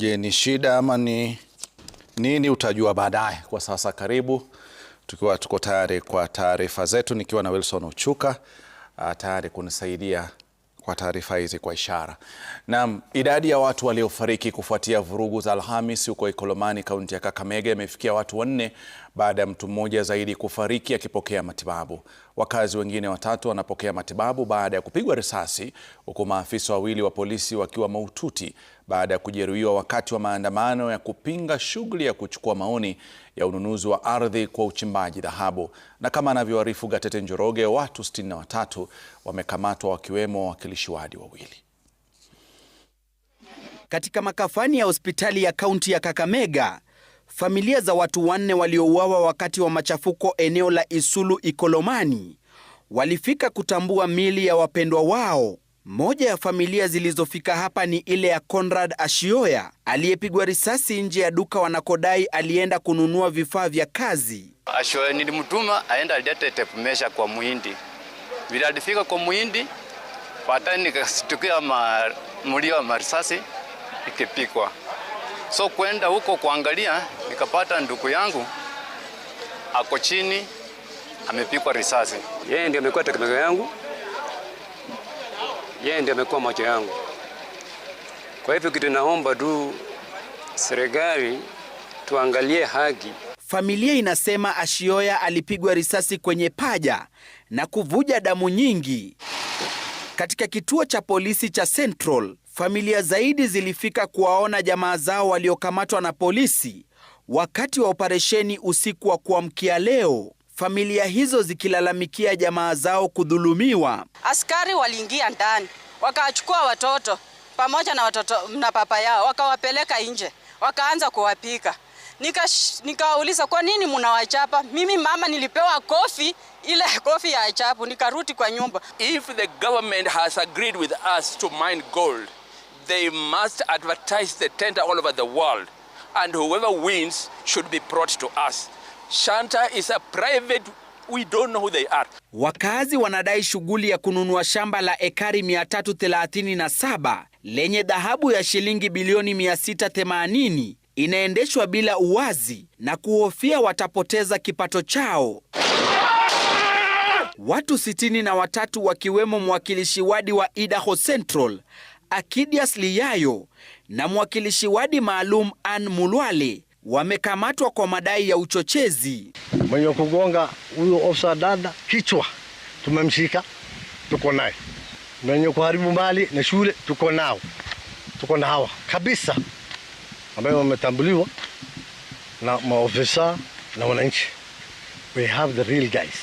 Je, ni shida ama ni nini? Utajua baadaye. Kwa sasa, karibu tukiwa tuko tayari kwa taarifa zetu, nikiwa na Wilson Ochuka ah, tayari kunisaidia kwa taarifa hizi kwa ishara. Naam, idadi ya watu waliofariki kufuatia vurugu za Alhamis huko Ikolomani, kaunti ya Kakamega imefikia watu wanne baada ya mtu mmoja zaidi kufariki akipokea matibabu. Wakazi wengine watatu wanapokea matibabu baada ya kupigwa risasi, huku maafisa wawili wa polisi wakiwa mahututi baada ya kujeruhiwa wakati wa maandamano ya kupinga shughuli ya kuchukua maoni ya ununuzi wa ardhi kwa uchimbaji dhahabu. Na kama anavyoarifu Gatete Njoroge, watu watatu wamekamatwa wakiwemo wawakilishi wadi wawili. Katika makafani ya hospitali ya kaunti ya Kakamega Familia za watu wanne waliouawa wakati wa machafuko eneo la Isulu Ikolomani walifika kutambua mili ya wapendwa wao. Moja ya familia zilizofika hapa ni ile ya Conrad Ashioya aliyepigwa risasi nje ya duka wanakodai alienda kununua vifaa vya kazi. Ashioya nilimtuma aenda alete tape measure kwa muhindi. Bila alifika kwa muhindi, patani nikashtukia mlio wa marisasi ikipikwa, so kwenda huko kuangalia nikapata ndugu yangu ako chini amepigwa risasi. Yeye ndiye amekuwa tegemeo yangu, yeye ndiye amekuwa macho yangu. Kwa hivyo kitu naomba tu serikali tuangalie haki. Familia inasema Ashioya alipigwa risasi kwenye paja na kuvuja damu nyingi. Katika kituo cha polisi cha Central, familia zaidi zilifika kuwaona jamaa zao waliokamatwa na polisi Wakati wa operesheni usiku wa kuamkia leo, familia hizo zikilalamikia jamaa zao kudhulumiwa. Askari waliingia ndani wakawachukua watoto pamoja na watoto na papa yao wakawapeleka nje wakaanza kuwapika. Nikawauliza, nika kwa nini mnawachapa? Mimi mama nilipewa kofi ile kofi ya achapu, nikaruti kwa nyumba. If the government has agreed with us to mine gold, they must advertise the tender all over the world and whoever wins should be brought to us. Shanta is a private We don't know who they are. Wakazi wanadai shughuli ya kununua shamba la ekari 337 lenye dhahabu ya shilingi bilioni 680 inaendeshwa bila uwazi na kuhofia watapoteza kipato chao. Watu sitini na watatu wakiwemo mwakilishi wadi wa Idaho Central Akidias Liyayo na mwakilishi wadi maalum Ann Mulwale wamekamatwa kwa madai ya uchochezi. Mwenye kugonga huyo ofisa dada kichwa tumemshika, tuko naye. Mwenye kuharibu mali na shule tuko nao, tuko na hawa kabisa ambayo wametambuliwa na maofisa na wananchi. We have the real guys,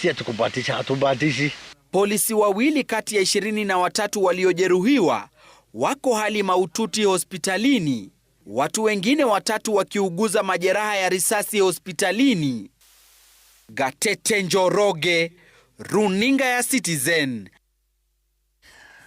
si atukubatisha, hatubatishi Polisi wawili kati ya ishirini na watatu waliojeruhiwa wako hali mahututi hospitalini, watu wengine watatu wakiuguza majeraha ya risasi hospitalini. Gatete Njoroge, runinga ya Citizen,